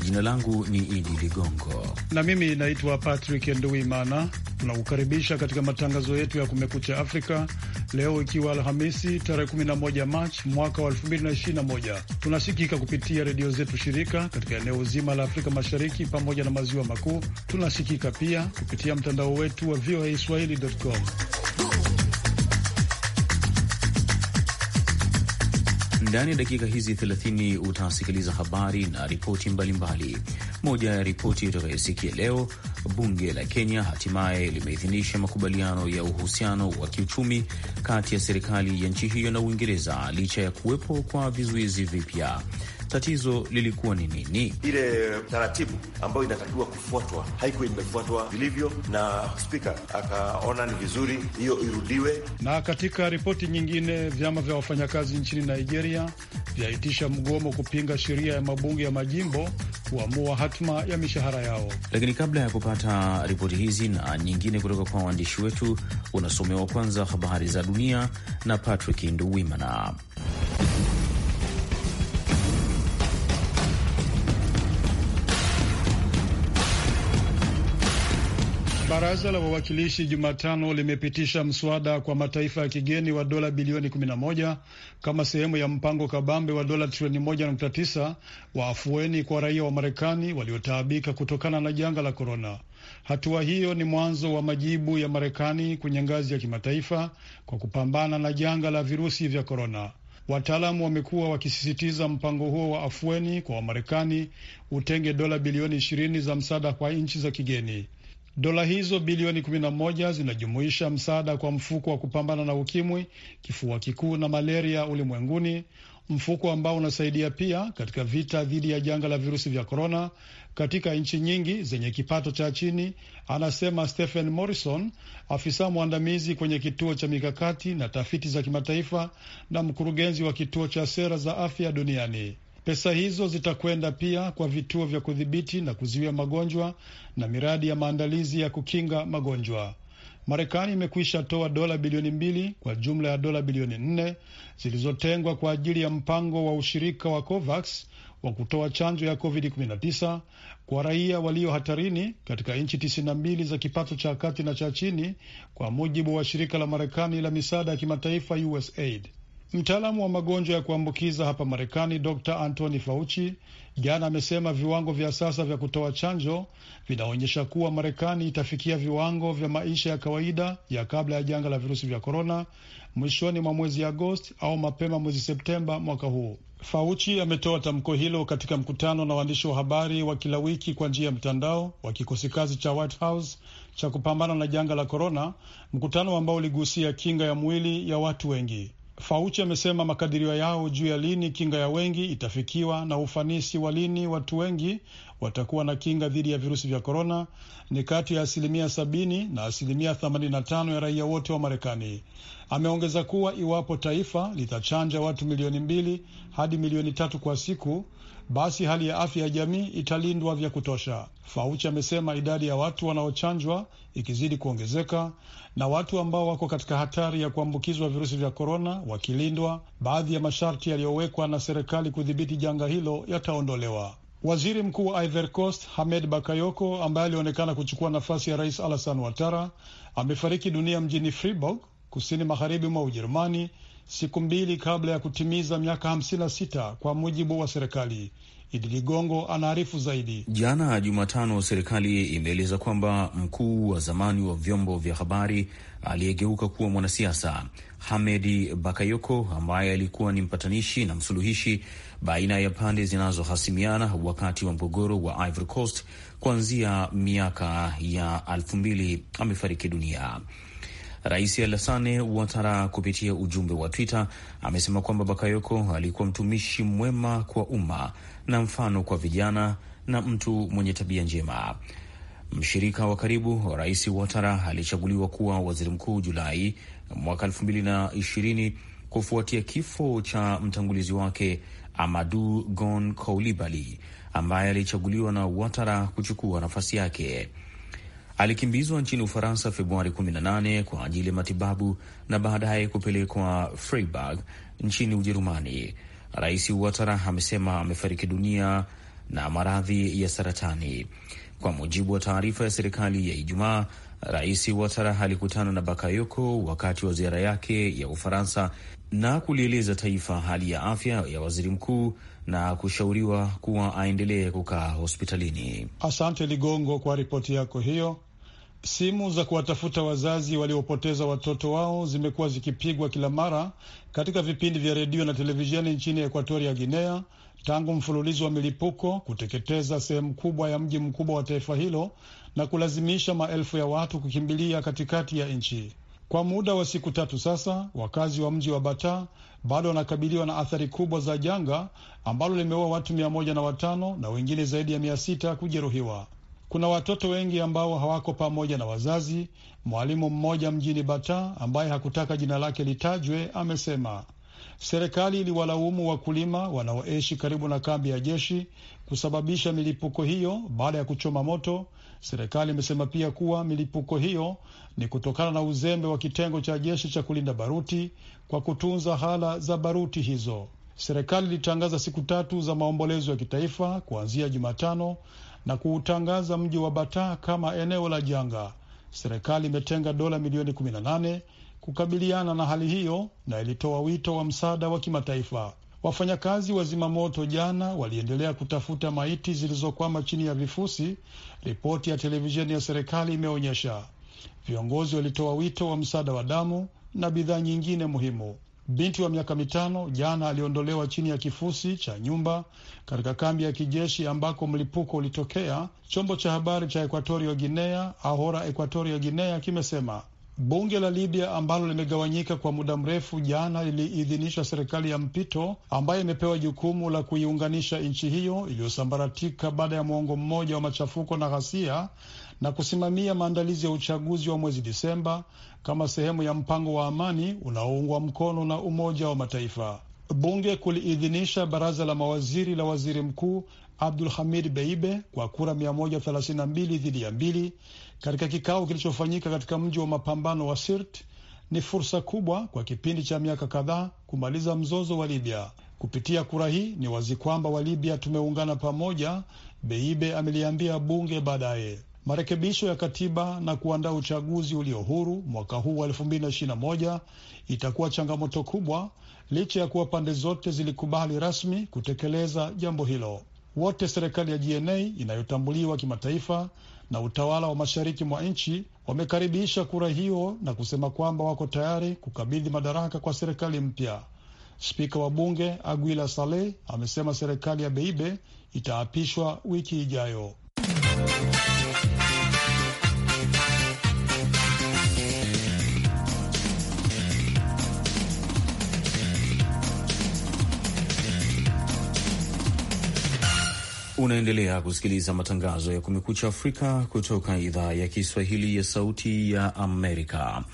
Jina langu ni Idi Ligongo na mimi naitwa Patrick Nduimana. Tunakukaribisha katika matangazo yetu ya Kumekucha Afrika leo ikiwa Alhamisi tarehe 11 Machi mwaka wa 2021. Tunasikika kupitia redio zetu shirika katika eneo zima la Afrika Mashariki pamoja na maziwa makuu. Tunasikika pia kupitia mtandao wetu wa VOA swahili.com. Ndani ya dakika hizi 30 utasikiliza habari na ripoti mbalimbali. Moja ya ripoti utakayosikia leo, bunge la Kenya hatimaye limeidhinisha makubaliano ya uhusiano wa kiuchumi kati ya serikali ya nchi hiyo na Uingereza licha ya kuwepo kwa vizuizi vipya tatizo lilikuwa ni nini? Ile taratibu ambayo inatakiwa kufuatwa haikuwa imefuatwa vilivyo, na spika akaona ni vizuri hiyo irudiwe. Na katika ripoti nyingine, vyama vya wafanyakazi nchini Nigeria vyaitisha mgomo kupinga sheria ya mabunge ya majimbo kuamua hatma ya mishahara yao. Lakini kabla ya kupata ripoti hizi na nyingine kutoka kwa waandishi wetu, unasomewa kwanza habari za dunia na Patrick Nduwimana. Baraza la Wawakilishi Jumatano limepitisha mswada kwa mataifa ya kigeni wa dola bilioni 11 kama sehemu ya mpango kabambe wa dola trilioni 1.9 wa afueni kwa raia wa Marekani waliotaabika kutokana na janga la korona. Hatua hiyo ni mwanzo wa majibu ya Marekani kwenye ngazi ya kimataifa kwa kupambana na janga la virusi vya korona. Wataalamu wamekuwa wakisisitiza mpango huo wa afueni kwa Wamarekani utenge dola bilioni 20 za msaada kwa nchi za kigeni. Dola hizo bilioni 11 zinajumuisha msaada kwa mfuko wa kupambana na ukimwi, kifua kikuu na malaria ulimwenguni, mfuko ambao unasaidia pia katika vita dhidi ya janga la virusi vya korona katika nchi nyingi zenye kipato cha chini, anasema Stephen Morrison, afisa mwandamizi kwenye kituo cha mikakati na tafiti za kimataifa na mkurugenzi wa kituo cha sera za afya duniani. Pesa hizo zitakwenda pia kwa vituo vya kudhibiti na kuzuia magonjwa na miradi ya maandalizi ya kukinga magonjwa. Marekani imekwisha toa dola bilioni mbili kwa jumla ya dola bilioni nne zilizotengwa kwa ajili ya mpango wa ushirika wa COVAX wa kutoa chanjo ya COVID-19 kwa raia walio hatarini katika nchi 92 mbili za kipato cha kati na cha chini, kwa mujibu wa shirika la Marekani la misaada ya kimataifa USAID. Mtaalamu wa magonjwa ya kuambukiza hapa Marekani, Dr Anthony Fauci jana amesema viwango vya sasa vya kutoa chanjo vinaonyesha kuwa Marekani itafikia viwango vya maisha ya kawaida ya kabla ya janga la virusi vya korona mwishoni mwa mwezi Agosti au mapema mwezi Septemba mwaka huu. Fauci ametoa tamko hilo katika mkutano na waandishi wa habari wa kila wiki kwa njia ya mtandao wa kikosi kazi cha White House cha kupambana na janga la korona, mkutano ambao uligusia kinga ya mwili ya watu wengi. Fauci amesema makadirio yao juu ya lini kinga ya wengi itafikiwa na ufanisi wa lini watu wengi watakuwa na kinga dhidi ya virusi vya korona ni kati ya asilimia sabini na asilimia themanini na tano ya raia wote wa Marekani. Ameongeza kuwa iwapo taifa litachanja watu milioni mbili hadi milioni tatu kwa siku, basi hali ya afya ya jamii italindwa vya kutosha. Fauchi amesema idadi ya watu wanaochanjwa ikizidi kuongezeka na watu ambao wako katika hatari ya kuambukizwa virusi vya korona wakilindwa, baadhi ya masharti yaliyowekwa na serikali kudhibiti janga hilo yataondolewa. Waziri mkuu wa Ivory Coast Hamed Bakayoko, ambaye alionekana kuchukua nafasi ya rais Alassane Ouattara, amefariki dunia mjini Fribourg, kusini magharibi mwa Ujerumani, siku mbili kabla ya kutimiza miaka 56 kwa mujibu wa serikali. Idi Ligongo anaarifu zaidi. Jana Jumatano, serikali imeeleza kwamba mkuu wa zamani wa vyombo vya habari aliyegeuka kuwa mwanasiasa Hamedi Bakayoko, ambaye alikuwa ni mpatanishi na msuluhishi baina ya pande zinazohasimiana wakati wa mgogoro wa Ivory Coast kuanzia miaka ya elfu mbili amefariki dunia. Rais Alassane Ouattara kupitia ujumbe wa Twitter amesema kwamba Bakayoko alikuwa mtumishi mwema kwa umma na mfano kwa vijana na mtu mwenye tabia njema. Mshirika wa karibu Rais Ouattara alichaguliwa kuwa waziri mkuu Julai mwaka elfu mbili na ishirini kufuatia kifo cha mtangulizi wake amadu Gon Coulibaly ambaye alichaguliwa na Ouattara kuchukua nafasi yake. Alikimbizwa nchini Ufaransa Februari 18 kwa ajili ya matibabu na baadaye kupelekwa Freiburg nchini Ujerumani. Rais watara amesema amefariki dunia na maradhi ya saratani. Kwa mujibu wa taarifa ya serikali ya Ijumaa, Rais watara alikutana na Bakayoko wakati wa ziara yake ya Ufaransa na kulieleza taifa hali ya afya ya waziri mkuu na kushauriwa kuwa aendelee kukaa hospitalini. Asante Ligongo kwa ripoti yako hiyo. Simu za kuwatafuta wazazi waliopoteza watoto wao zimekuwa zikipigwa kila mara katika vipindi vya redio na televisheni nchini Ekuatoria Guinea tangu mfululizo wa milipuko kuteketeza sehemu kubwa ya mji mkubwa wa taifa hilo na kulazimisha maelfu ya watu kukimbilia katikati ya nchi. Kwa muda wa siku tatu sasa, wakazi wa mji wa Bata bado wanakabiliwa na athari kubwa za janga ambalo limeua watu mia moja na watano na wengine zaidi ya mia sita kujeruhiwa. Kuna watoto wengi ambao hawako pamoja na wazazi. Mwalimu mmoja mjini Bata ambaye hakutaka jina lake litajwe amesema serikali iliwalaumu wakulima wanaoishi karibu na kambi ya jeshi kusababisha milipuko hiyo baada ya kuchoma moto Serikali imesema pia kuwa milipuko hiyo ni kutokana na uzembe wa kitengo cha jeshi cha kulinda baruti kwa kutunza hala za baruti hizo. Serikali ilitangaza siku tatu za maombolezo ya kitaifa kuanzia Jumatano na kuutangaza mji wa Bata kama eneo la janga. Serikali imetenga dola milioni 18 kukabiliana na hali hiyo na ilitoa wito wa msaada wa kimataifa. Wafanyakazi wa zimamoto jana waliendelea kutafuta maiti zilizokwama chini ya vifusi, ripoti ya televisheni ya serikali imeonyesha. Viongozi walitoa wito wa msaada wa damu na bidhaa nyingine muhimu. Binti wa miaka mitano jana aliondolewa chini ya kifusi cha nyumba katika kambi ya kijeshi ambako mlipuko ulitokea. Chombo cha habari cha Equatorio Guinea, Ahora Equatorio Guinea, kimesema Bunge la Libya ambalo limegawanyika kwa muda mrefu, jana liliidhinisha serikali ya mpito ambayo imepewa jukumu la kuiunganisha nchi hiyo iliyosambaratika baada ya mwongo mmoja wa machafuko na ghasia na kusimamia maandalizi ya uchaguzi wa mwezi Disemba kama sehemu ya mpango wa amani unaoungwa mkono na Umoja wa Mataifa. Bunge kuliidhinisha baraza la mawaziri la waziri mkuu Abdul Hamid Beibe kwa kura 132 dhidi ya mbili katika kikao kilichofanyika katika mji wa mapambano wa sirt Ni fursa kubwa kwa kipindi cha miaka kadhaa kumaliza mzozo wa Libya. Kupitia kura hii ni wazi kwamba wa Libya tumeungana pamoja, Beibe ameliambia bunge baadaye. Marekebisho ya katiba na kuandaa uchaguzi ulio huru mwaka huu wa 2021 itakuwa changamoto kubwa, licha ya kuwa pande zote zilikubali rasmi kutekeleza jambo hilo. Wote serikali ya GNA inayotambuliwa kimataifa na utawala wa mashariki mwa nchi wamekaribisha kura hiyo na kusema kwamba wako tayari kukabidhi madaraka kwa serikali mpya. Spika wa bunge Aguila Saleh amesema serikali ya Beibe itaapishwa wiki ijayo. Unaendelea kusikiliza matangazo ya Kumekucha Afrika kutoka idhaa ya Kiswahili ya Sauti ya Amerika.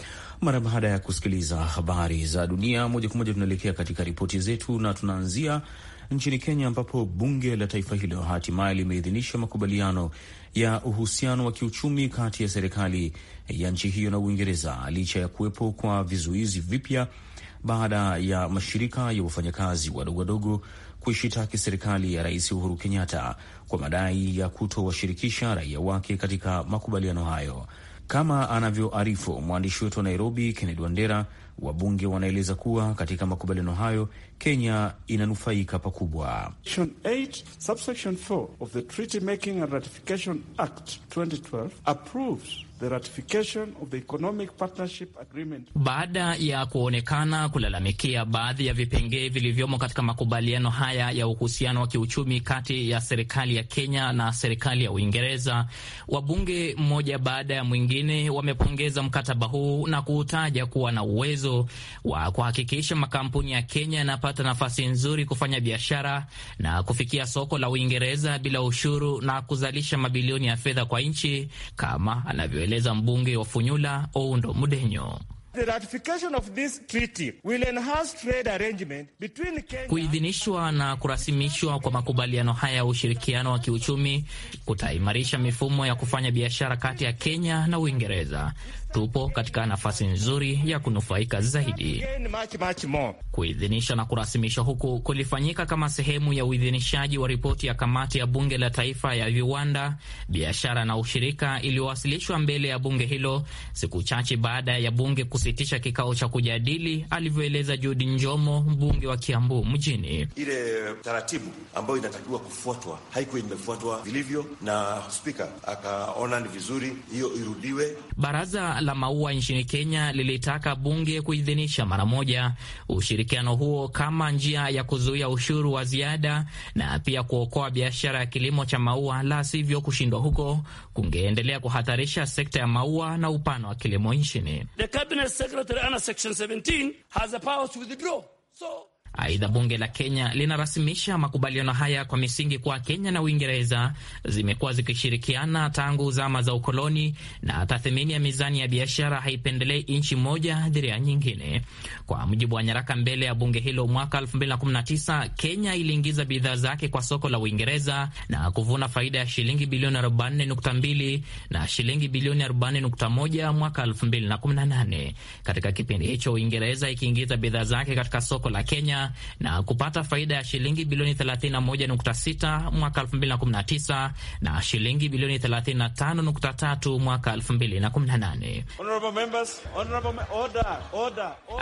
Mara baada ya kusikiliza habari za dunia moja kwa moja, tunaelekea katika ripoti zetu na tunaanzia nchini Kenya, ambapo bunge la taifa hilo hatimaye limeidhinisha makubaliano ya uhusiano wa kiuchumi kati ya serikali ya nchi hiyo na Uingereza licha ya kuwepo kwa vizuizi vipya baada ya mashirika ya wafanyakazi wadogo wadogo kuishitaki serikali ya Rais Uhuru Kenyatta kwa madai ya kutowashirikisha raia wake katika makubaliano hayo. Kama anavyoarifu mwandishi wetu wa Nairobi, Kennedy Wandera, wabunge wanaeleza kuwa katika makubaliano hayo Kenya inanufaika pakubwa. Subsection 4 of the Treaty Making and Ratification Act 2012 approves The ratification of the economic partnership agreement. Baada ya kuonekana kulalamikia baadhi ya vipengee vilivyomo katika makubaliano haya ya uhusiano wa kiuchumi kati ya serikali ya Kenya na serikali ya Uingereza, wabunge mmoja baada ya mwingine wamepongeza mkataba huu na kuutaja kuwa na uwezo wa kuhakikisha makampuni ya Kenya yanapata nafasi nzuri kufanya biashara na kufikia soko la Uingereza bila ushuru na kuzalisha mabilioni ya fedha kwa nchi kama anavyo anavyoeleza mbunge wa Funyula Oundo Mudenyo. Kuidhinishwa na kurasimishwa kwa makubaliano haya ya ushirikiano wa kiuchumi kutaimarisha mifumo ya kufanya biashara kati ya Kenya na Uingereza. Tupo katika nafasi nzuri ya kunufaika zaidi. Kuidhinisha na kurasimishwa huku kulifanyika kama sehemu ya uidhinishaji wa ripoti ya kamati ya bunge la taifa ya viwanda, biashara na ushirika iliyowasilishwa mbele ya bunge hilo siku chache baada ya bunge kus kusitisha kikao cha kujadili, alivyoeleza judi Njomo, mbunge wa Kiambu Mjini. Ile taratibu ambayo inatakiwa kufuatwa haikuwa imefuatwa vilivyo, na spika akaona ni vizuri hiyo irudiwe. Baraza la maua nchini Kenya lilitaka bunge kuidhinisha mara moja ushirikiano huo kama njia ya kuzuia ushuru wa ziada na pia kuokoa biashara ya kilimo cha maua, la sivyo kushindwa huko kungeendelea kuhatarisha sekta ya maua na upano wa kilimo nchini. The Secretary under Section 17 has the power to withdraw. So Aidha, bunge la Kenya linarasimisha makubaliano haya kwa misingi kuwa Kenya na Uingereza zimekuwa zikishirikiana tangu zama za ukoloni na tathmini ya mizani ya biashara haipendelei nchi moja dhidi ya nyingine. Kwa mujibu wa nyaraka mbele ya bunge hilo, mwaka 2019 Kenya iliingiza bidhaa zake kwa soko la Uingereza na kuvuna faida ya shilingi bilioni 42 na shilingi bilioni 40.1 mwaka 2018. Katika kipindi hicho Uingereza ikiingiza bidhaa zake katika soko la Kenya na kupata faida ya shilingi bilioni 31.6 mwaka 2019 na shilingi bilioni 35.3 mwaka 2018.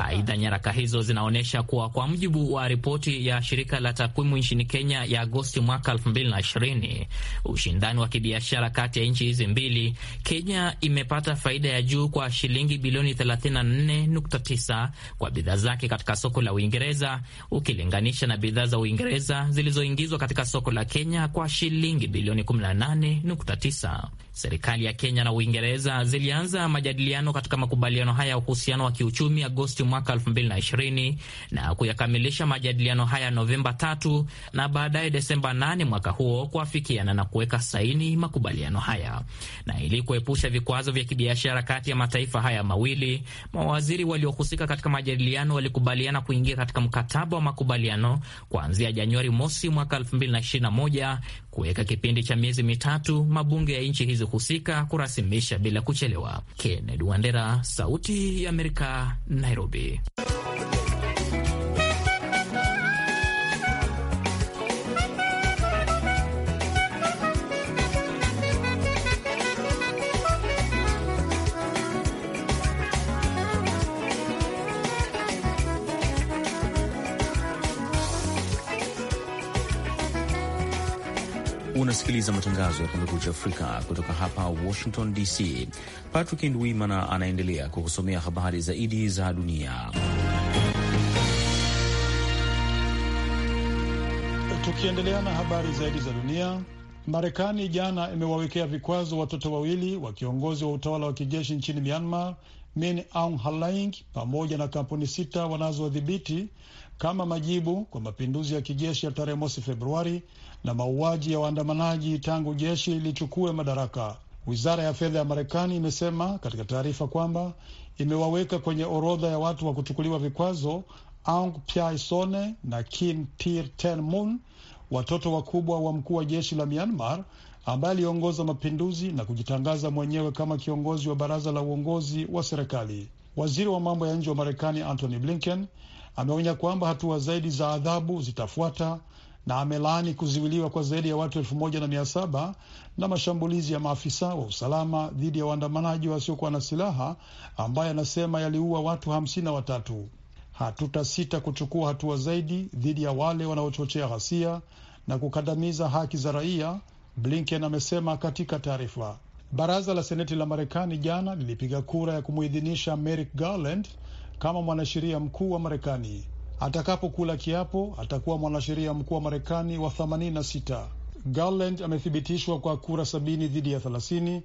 Aidha, nyaraka hizo zinaonyesha kuwa kwa mujibu wa ripoti ya shirika la takwimu nchini Kenya ya Agosti mwaka 2020, ushindani wa kibiashara kati ya nchi hizi mbili, Kenya imepata faida ya juu kwa shilingi bilioni 34.9 kwa bidhaa zake katika soko la Uingereza ukilinganisha na bidhaa za Uingereza zilizoingizwa katika soko la Kenya kwa shilingi bilioni 18.9. Serikali ya Kenya na Uingereza zilianza majadiliano katika makubaliano haya ya uhusiano wa kiuchumi Agosti mwaka 2020 na kuyakamilisha majadiliano haya Novemba 3 na baadaye Desemba 8 mwaka huo kuafikiana na kuweka saini makubaliano haya. Na ili kuepusha vikwazo vya kibiashara kati ya mataifa haya mawili, mawaziri waliohusika katika majadiliano walikubaliana kuingia katika mkataba mkataba wa makubaliano kuanzia Januari mosi mwaka 2021 kuweka kipindi cha miezi mitatu mabunge ya nchi hizo husika kurasimisha bila kuchelewa. Kennedy Wandera, Sauti ya Amerika, Nairobi. Unasikiliza matangazo ya Kumekucha Afrika kutoka hapa Washington DC. Patrick Ndwimana anaendelea kukusomea habari zaidi za dunia. Tukiendelea na habari zaidi za dunia, Marekani jana imewawekea vikwazo watoto wawili wa kiongozi wa utawala wa kijeshi nchini Myanmar, Min Aung Hlaing, pamoja na kampuni sita wanazodhibiti kama majibu kwa mapinduzi ya kijeshi ya tarehe mosi Februari na mauaji ya waandamanaji tangu jeshi lichukue madaraka. Wizara ya fedha ya Marekani imesema katika taarifa kwamba imewaweka kwenye orodha ya watu wa kuchukuliwa vikwazo Aung Pyar Sone na Kin Tir Ten Mun, watoto wakubwa wa mkuu wa jeshi la Myanmar ambaye aliongoza mapinduzi na kujitangaza mwenyewe kama kiongozi wa baraza la uongozi wa serikali. Waziri wa mambo ya nje wa Marekani Antony Blinken ameonya kwamba hatua zaidi za adhabu zitafuata na amelaani kuzuiliwa kwa zaidi ya watu elfu moja na mia saba na mashambulizi ya maafisa wa usalama dhidi ya waandamanaji wasiokuwa na silaha ambaye anasema yaliua watu hamsini na watatu. Hatutasita kuchukua hatua zaidi dhidi ya wale wanaochochea ghasia na kukandamiza haki za raia, Blinken amesema katika taarifa. Baraza la Seneti la Marekani jana lilipiga kura ya kumuidhinisha Merrick Garland kama mwanasheria mkuu wa Marekani. Atakapokula kiapo atakuwa mwanasheria mkuu wa Marekani wa 86. Garland amethibitishwa kwa kura sabini dhidi ya 30.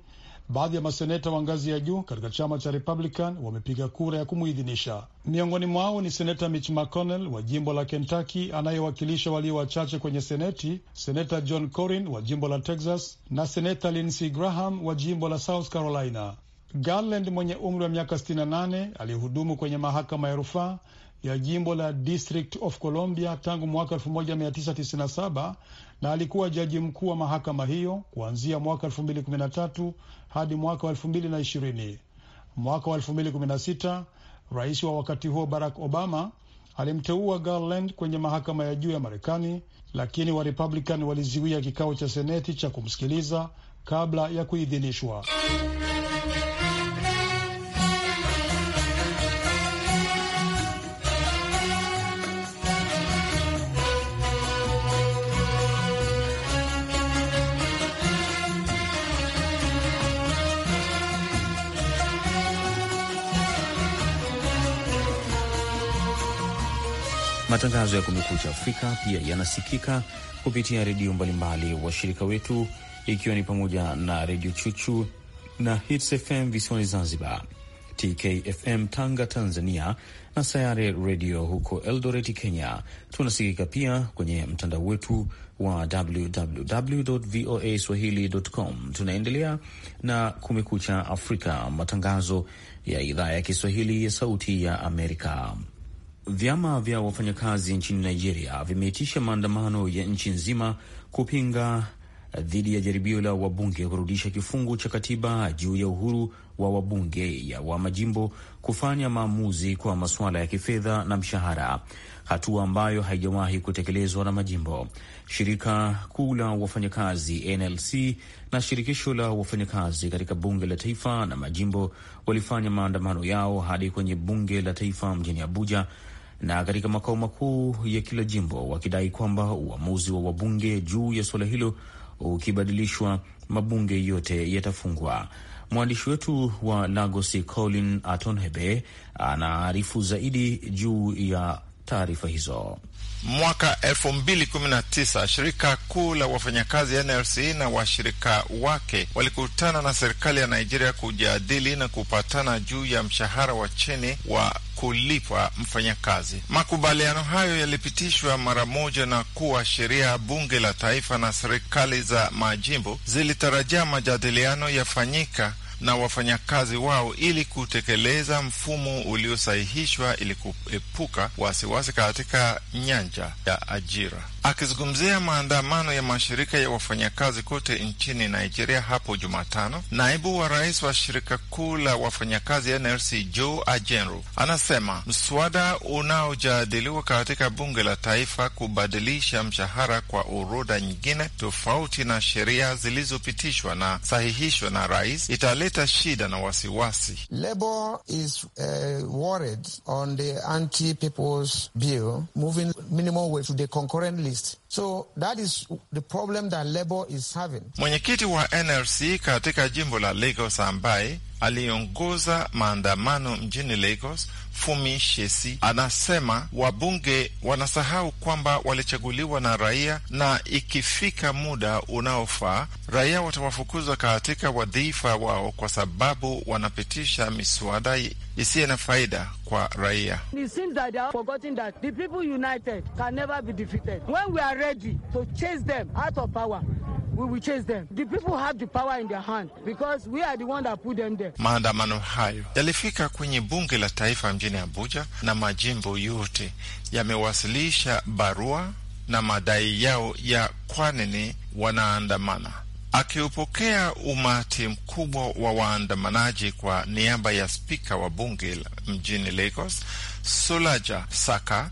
Baadhi ya maseneta wa ngazi ya juu katika chama cha Republican wamepiga kura ya kumuidhinisha. Miongoni mwao ni seneta Mitch McConnell wa jimbo la Kentucky anayewakilisha walio wachache kwenye Seneti, seneta John corin wa jimbo la Texas na seneta Lindsey Graham wa jimbo la South Carolina. Garland mwenye umri wa miaka 68 aliyehudumu kwenye mahakama ya rufaa ya jimbo la District of Columbia tangu mwaka 1997 na alikuwa jaji mkuu wa mahakama hiyo kuanzia mwaka 2013 hadi mwaka 2020. Mwaka wa 2016 rais wa wakati huo Barack Obama alimteua Garland kwenye mahakama ya juu ya Marekani, lakini Warepublikani waliziwia kikao cha seneti cha kumsikiliza kabla ya kuidhinishwa. Matangazo ya Kumekucha Afrika pia yanasikika kupitia redio mbalimbali washirika wetu, ikiwa ni pamoja na Redio Chuchu na Hits FM visiwani Zanzibar, TKFM Tanga Tanzania, na Sayare Redio huko Eldoret Kenya. Tunasikika pia kwenye mtandao wetu wa www voa swahili.com. Tunaendelea na Kumekucha Afrika, matangazo ya idhaa ya Kiswahili ya Sauti ya Amerika. Vyama vya wafanyakazi nchini Nigeria vimeitisha maandamano ya nchi nzima kupinga dhidi ya jaribio la wabunge kurudisha kifungu cha katiba juu ya uhuru wa wabunge ya wa majimbo kufanya maamuzi kwa masuala ya kifedha na mshahara, hatua ambayo haijawahi kutekelezwa na majimbo. Shirika kuu la wafanyakazi NLC na shirikisho la wafanyakazi katika bunge la taifa na majimbo walifanya maandamano yao hadi kwenye bunge la taifa mjini Abuja na katika makao makuu ya kila jimbo, wakidai kwamba uamuzi wa wabunge juu ya suala hilo ukibadilishwa, mabunge yote yatafungwa. Mwandishi wetu wa Lagos Colin Atonhebe anaarifu zaidi juu ya taarifa hizo. Mwaka 2019 shirika kuu la wafanyakazi NLC na washirika wake walikutana na serikali ya Nigeria kujadili na kupatana juu ya mshahara wa chini wa kulipwa mfanyakazi. Makubaliano hayo yalipitishwa mara moja na kuwa sheria. Bunge la taifa na serikali za majimbo zilitarajia majadiliano yafanyika na wafanyakazi wao ili kutekeleza mfumo uliosahihishwa ili kuepuka wasiwasi katika nyanja ya ajira. Akizungumzia maandamano ya mashirika ya wafanyakazi kote nchini Nigeria hapo Jumatano, naibu wa rais wa shirika kuu la wafanyakazi NLC Joe Ajenro anasema mswada unaojadiliwa katika bunge la taifa kubadilisha mshahara kwa uruda nyingine tofauti na sheria zilizopitishwa na sahihishwa na rais italeta shida na wasiwasi. Labor is, uh, worried on the anti-people's bill, moving minimum wage to the concurrently list. So that is the problem that Labour is having. Mwenyekiti wa NLC katika jimbo la Lagos ambaye aliongoza maandamano mjini Lagos Fumi Shesi anasema wabunge wanasahau kwamba walichaguliwa na raia, na ikifika muda unaofaa raia watawafukuza katika wadhifa wao kwa sababu wanapitisha miswada isiye na faida kwa raia we will chase them. The people have the power in their hand because we are the one that put them there. Maandamano hayo yalifika kwenye bunge la taifa mjini Abuja na majimbo yote yamewasilisha barua na madai yao ya kwa nini wanaandamana. Akiupokea umati mkubwa wa waandamanaji kwa niaba ya spika wa bunge mjini Lagos, Sulaja Saka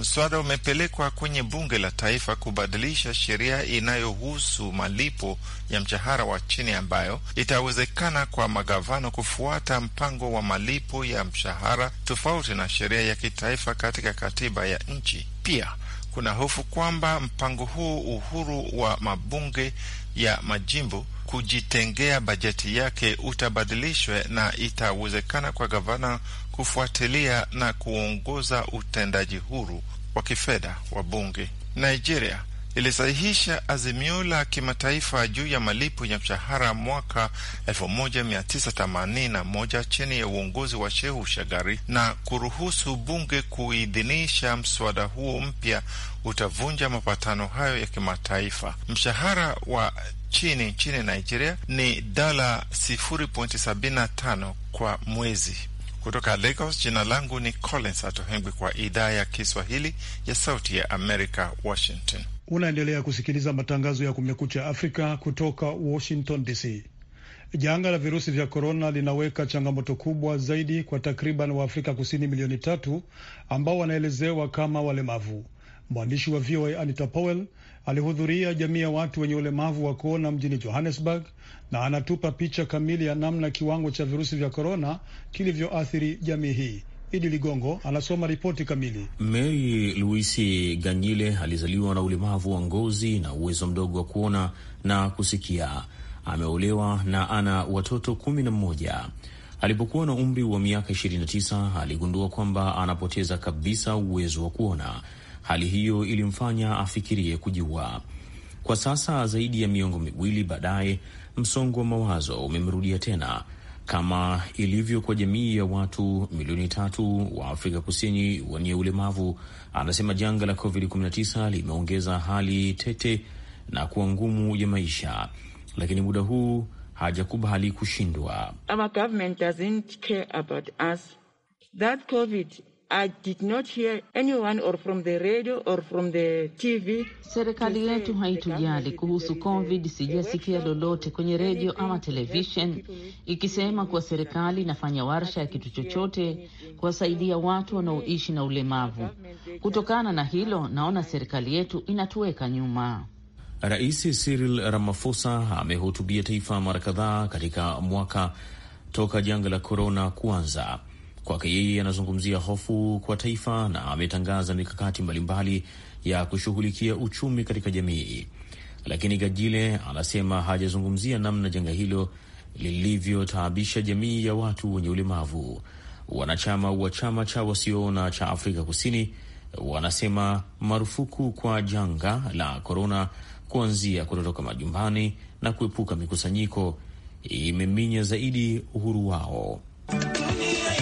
Mswada umepelekwa kwenye bunge la taifa kubadilisha sheria inayohusu malipo ya mshahara wa chini ambayo itawezekana kwa magavana kufuata mpango wa malipo ya mshahara tofauti na sheria ya kitaifa katika katiba ya nchi. Pia kuna hofu kwamba mpango huu uhuru wa mabunge ya majimbo kujitengea bajeti yake utabadilishwe na itawezekana kwa gavana kufuatilia na kuongoza utendaji huru wa kifedha wa bunge. Nigeria ilisahihisha azimio la kimataifa juu ya malipo ya mshahara mwaka 1981 chini ya uongozi wa Shehu Shagari na kuruhusu bunge kuidhinisha mswada huo mpya utavunja mapatano hayo ya kimataifa. Mshahara wa chini nchini Nigeria ni dola 0.75 kwa mwezi. Kutoka Lagos, jina langu ni Collins Atohengwi kwa idhaa ya Kiswahili ya Sauti ya Amerika, Washington. Unaendelea kusikiliza matangazo ya Kumekucha Afrika kutoka Washington DC. Janga la virusi vya korona linaweka changamoto kubwa zaidi kwa takriban Waafrika Kusini milioni tatu ambao wanaelezewa kama walemavu. Mwandishi wa VOA Anita Powell alihudhuria jamii ya watu wenye ulemavu wa kuona mjini Johannesburg na anatupa picha kamili ya namna kiwango cha virusi vya korona kilivyoathiri jamii hii. Idi Ligongo anasoma ripoti kamili. Mary Luisi Ganyile alizaliwa na ulemavu wa ngozi na uwezo mdogo wa kuona na kusikia. Ameolewa na ana watoto kumi na mmoja. Alipokuwa na umri wa miaka 29 aligundua kwamba anapoteza kabisa uwezo wa kuona. Hali hiyo ilimfanya afikirie kujiua. Kwa sasa, zaidi ya miongo miwili baadaye, msongo wa mawazo umemrudia tena kama ilivyo kwa jamii ya watu milioni tatu wa Afrika Kusini wenye ulemavu. Anasema janga la COVID-19 limeongeza hali tete na kuwa ngumu ya maisha, lakini muda huu hajakubali kushindwa. Our government doesn't care about us. That COVID I did not hear anyone or from the radio or from the TV. Serikali yetu haitujali kuhusu COVID, sijasikia lolote kwenye redio ama televishen ikisema kuwa serikali inafanya warsha ya kitu chochote kuwasaidia watu wanaoishi na ulemavu. Kutokana na hilo, naona serikali yetu inatuweka nyuma. Rais Cyril Ramaphosa amehutubia taifa mara kadhaa katika mwaka toka janga la korona kuanza. Kwake yeye anazungumzia hofu kwa taifa na ametangaza mikakati mbalimbali ya kushughulikia uchumi katika jamii, lakini Gajile anasema hajazungumzia namna janga hilo lilivyotaabisha jamii ya watu wenye ulemavu. Wanachama wa chama cha wasioona cha Afrika Kusini wanasema marufuku kwa janga la korona, kuanzia kutotoka majumbani na kuepuka mikusanyiko, imeminya zaidi uhuru wao.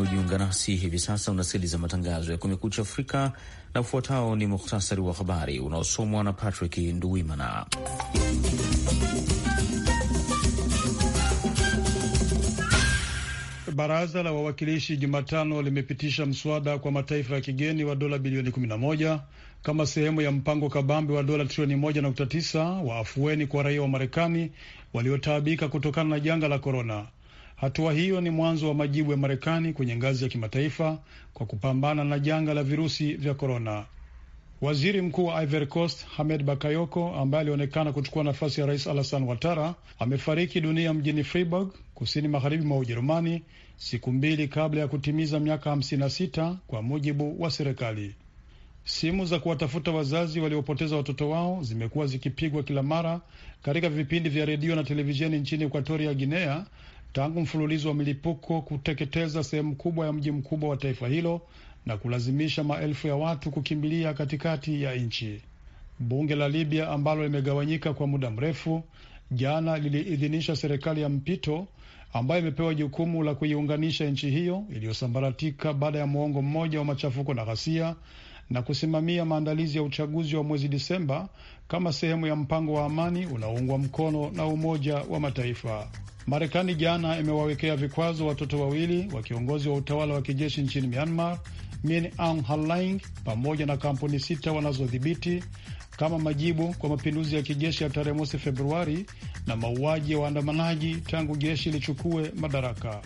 unaojiunga nasi hivi sasa unasikiliza matangazo ya Kumekucha Afrika, na ufuatao ni muhtasari wa habari unaosomwa na Patrick Nduwimana. Baraza la Wawakilishi Jumatano limepitisha mswada kwa mataifa ya kigeni wa dola bilioni 11 kama sehemu ya mpango kabambe wa dola trilioni 1.9 wa afueni kwa raia wa Marekani waliotaabika kutokana na janga la korona. Hatua hiyo ni mwanzo wa majibu ya Marekani kwenye ngazi ya kimataifa kwa kupambana na janga la virusi vya korona. Waziri mkuu wa Ivory Coast Hamed Bakayoko, ambaye alionekana kuchukua nafasi ya rais Alasan Watara, amefariki dunia mjini Freiburg, kusini magharibi mwa Ujerumani, siku mbili kabla ya kutimiza miaka 56 kwa mujibu wa serikali. Simu za kuwatafuta wazazi waliopoteza watoto wao zimekuwa zikipigwa kila mara katika vipindi vya redio na televisheni nchini Ekuatoria Guinea, tangu mfululizo wa milipuko kuteketeza sehemu kubwa ya mji mkubwa wa taifa hilo na kulazimisha maelfu ya watu kukimbilia katikati ya nchi. Bunge la Libya ambalo limegawanyika kwa muda mrefu, jana liliidhinisha serikali ya mpito ambayo imepewa jukumu la kuiunganisha nchi hiyo iliyosambaratika baada ya muongo mmoja wa machafuko na ghasia na kusimamia maandalizi ya uchaguzi wa mwezi Disemba kama sehemu ya mpango wa amani unaoungwa mkono na Umoja wa Mataifa. Marekani jana imewawekea vikwazo watoto wawili wa kiongozi wa utawala wa kijeshi nchini Myanmar, Min Aung Hlaing, pamoja na kampuni sita wanazodhibiti kama majibu kwa mapinduzi ya kijeshi ya tarehe mosi Februari na mauaji ya waandamanaji tangu jeshi lichukue madaraka.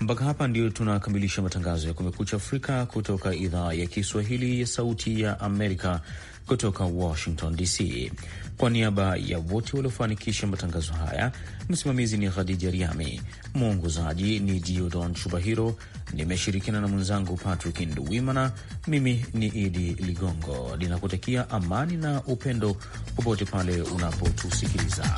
Mpaka hapa ndio tunakamilisha matangazo ya Kumekucha Afrika kutoka idhaa ya Kiswahili ya Sauti ya Amerika kutoka Washington DC. Kwa niaba ya wote waliofanikisha matangazo haya, msimamizi ni Khadija Riami, mwongozaji ni Diodon Chubahiro, nimeshirikiana na mwenzangu Patrick Nduwimana. Mimi ni Idi Ligongo, ninakutakia amani na upendo popote pale unapotusikiliza.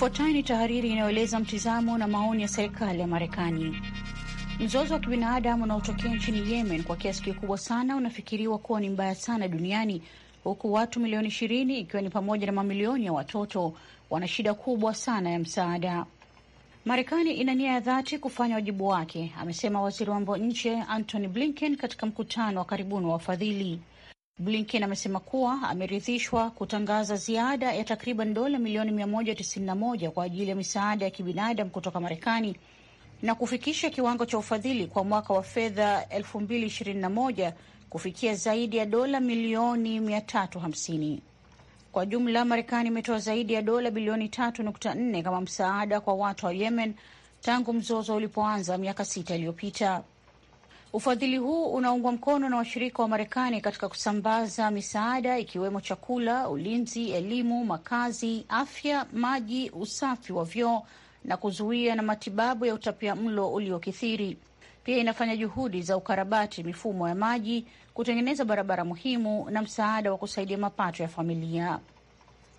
Ifuatayo ni tahariri inayoeleza mtizamo na maoni ya serikali ya Marekani. Mzozo wa kibinadamu unaotokea nchini Yemen kwa kiasi kikubwa sana unafikiriwa kuwa ni mbaya sana duniani, huku watu milioni ishirini ikiwa ni pamoja na mamilioni ya watoto wana shida kubwa sana ya msaada. Marekani ina nia ya dhati kufanya wajibu wake, amesema waziri wa mambo nje Antony Blinken katika mkutano wa karibuni wa wafadhili. Blinken amesema kuwa ameridhishwa kutangaza ziada ya takriban dola milioni 191 kwa ajili ya misaada ya kibinadamu kutoka Marekani na kufikisha kiwango cha ufadhili kwa mwaka wa fedha 2021 kufikia zaidi ya dola milioni 350. Kwa jumla, Marekani imetoa zaidi ya dola bilioni 3.4 kama msaada kwa watu wa Yemen tangu mzozo ulipoanza miaka sita iliyopita. Ufadhili huu unaungwa mkono na washirika wa Marekani katika kusambaza misaada ikiwemo chakula, ulinzi, elimu, makazi, afya, maji, usafi wa vyoo na kuzuia na matibabu ya utapia mlo uliokithiri. Pia inafanya juhudi za ukarabati mifumo ya maji, kutengeneza barabara muhimu na msaada wa kusaidia mapato ya familia.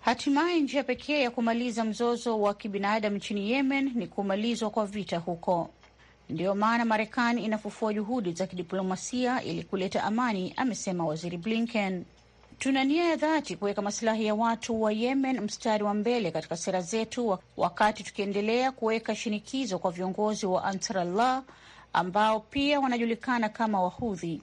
Hatimaye, njia pekee ya kumaliza mzozo wa kibinadamu nchini Yemen ni kumalizwa kwa vita huko. Ndiyo maana Marekani inafufua juhudi za kidiplomasia ili kuleta amani, amesema Waziri Blinken. Tuna nia ya dhati kuweka masilahi ya watu wa Yemen mstari wa mbele katika sera zetu, wakati tukiendelea kuweka shinikizo kwa viongozi wa Ansarallah ambao pia wanajulikana kama Wahudhi.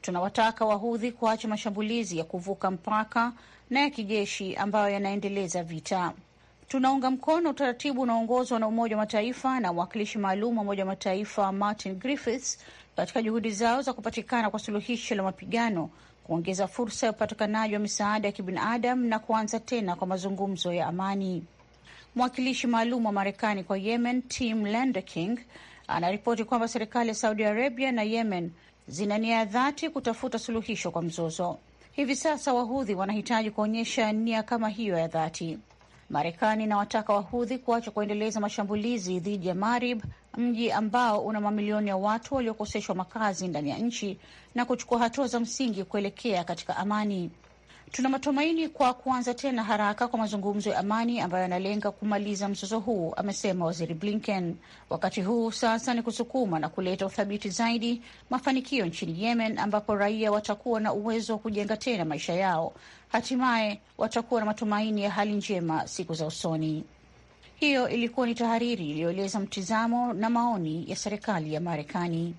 Tunawataka Wahudhi kuacha mashambulizi ya kuvuka mpaka na ya kijeshi ambayo yanaendeleza vita. Tunaunga mkono utaratibu unaoongozwa na Umoja wa Mataifa na mwakilishi maalum wa Umoja wa Mataifa Martin Griffiths katika juhudi zao za kupatikana kwa suluhisho la mapigano, kuongeza fursa ya upatikanaji wa misaada ya kibinadamu na kuanza tena kwa mazungumzo ya amani. Mwakilishi maalum wa Marekani kwa Yemen Tim Landerking anaripoti kwamba serikali ya Saudi Arabia na Yemen zina nia ya dhati kutafuta suluhisho kwa mzozo. Hivi sasa Wahudhi wanahitaji kuonyesha nia kama hiyo ya dhati. Marekani inawataka wahudhi kuacha kuendeleza mashambulizi dhidi ya Marib, mji ambao una mamilioni ya watu waliokoseshwa makazi ndani ya nchi na kuchukua hatua za msingi kuelekea katika amani. Tuna matumaini kwa kuanza tena haraka kwa mazungumzo ya amani ambayo yanalenga kumaliza mzozo huu, amesema waziri Blinken. Wakati huu sasa ni kusukuma na kuleta uthabiti zaidi, mafanikio nchini Yemen, ambapo raia watakuwa na uwezo wa kujenga tena maisha yao. Hatimaye watakuwa na matumaini ya hali njema siku za usoni. Hiyo ilikuwa ni tahariri iliyoeleza mtizamo na maoni ya serikali ya Marekani.